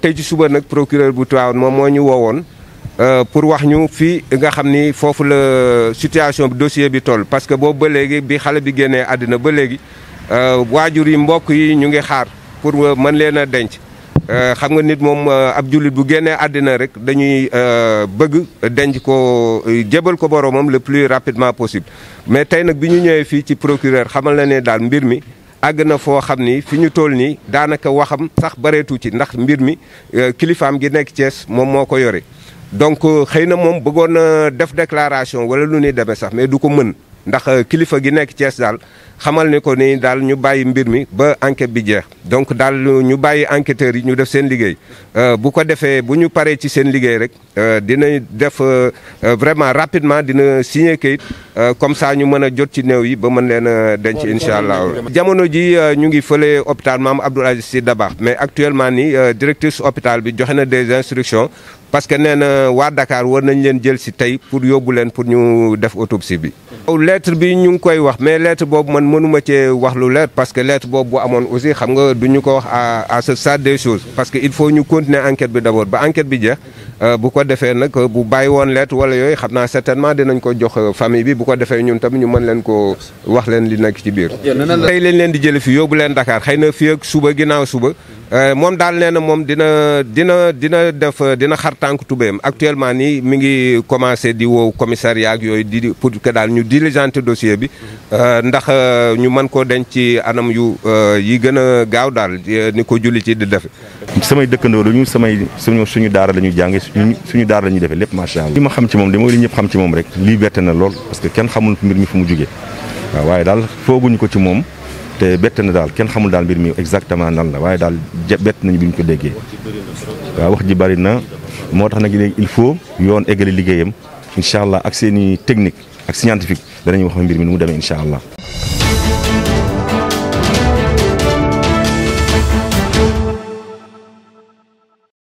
tey ci suba nag procureur bu Tivaouane moom moo ñu woowoon euh, pour wax ñu fii nga xam ni foofu la situation bi dossier bi toll parce que boobu ba léegi bi xale bi génnee àddina ba léegi euh, waajur yi mbokk yi ñu ngi xaar pour man leen a denc euh, xam nga nit moom ab jullit bu génnee àddina rek dañuy bëgg denc ko jébal ko boromam le plus rapidement possible mais tey nag bi ñu ñëwee fii ci procureur xamal na ne daal mbir mi àgg na foo xam ni fi ñu toll nii daanaka waxam sax bareetu ci ndax mbir mi euh, kilifaam gi nekk cees moom moo ko yore donc euh, xëy na moom bëggoon na def déclaration wala lu ni demee sax mais du ko mën ndax euh, kilifa gi nekk cees daal xamal ni ko ni daal ñu bàyyi mbir mi ba enquête bi jeex donc daal ñu bàyyi enquêteurs yi ñu def seen liggéey bu ko defee bu ñu paree ci seen liggéey rek dina def vraiment rapidement dina signer kayit Euh, comme ça ñu mën a jot ci néew yi ba mën leen denc incha allah. jamono ji euh, ñu ngi fële hôpital maam Abdoul Aziz Sy Dabakh mais actuellement nii euh, directrice hôpital bi joxe na des instructions parce que nee na waa Dakar war nañ leen jël si tey pour yóbbu leen pour ñu def autopsie bi. lettre bi ñu ngi koy wax mais lettre boobu man mënuma cee wax lu leer parce que lettre boobu bu amoon aussi xam nga du ñu ko wax a à ce stade parce que il faut ñu continuer enquête bi d'abord ba enquête bi jeex. Euh, bu ko defee nag euh, bu bàyyi woon leet wala yooyu xam naa certainement dinañ ko jox euh, famille bi bu ko defee ñun tam ñu mën leen ko wax leen li nekk ci biir tey lañ leen di jële fi yóbbu leen dakaar xëy na fi ak suba ginnaaw suba Euh, moom daal nee na moom dina dina dina def dina xar tànk tubéyam actuellement nii mu ngi commencé di woow commissariat ak yooyu di pour que daal ñu diligenter dossier bi euh, ndax euh, ñu mën koo denc ci anam yu yi gën a gaaw daal ni ko julli ci di def samay dëkkandoo la ñu samay suñu suñu daara la ñuy jànge suñu daara la ñuy defee lépp macha allah li ma xam ci moom di mooy li ñëpp xam ci moom rek liberté na lool parce que kenn xamul mbir mi fu mu jugee waaw waaye daal fooguñu ko ci moom te bett na daal kenn xamul daal mbir mi exactement nan la waaye daal bett nañu bi ñu ko déggee waaw wax ji bari na moo tax nag léegi il faut yoon eggale liggéeyam incha allah ak seen i technique ak scientifique danañu wax mbir mi nu mu demee incha allah.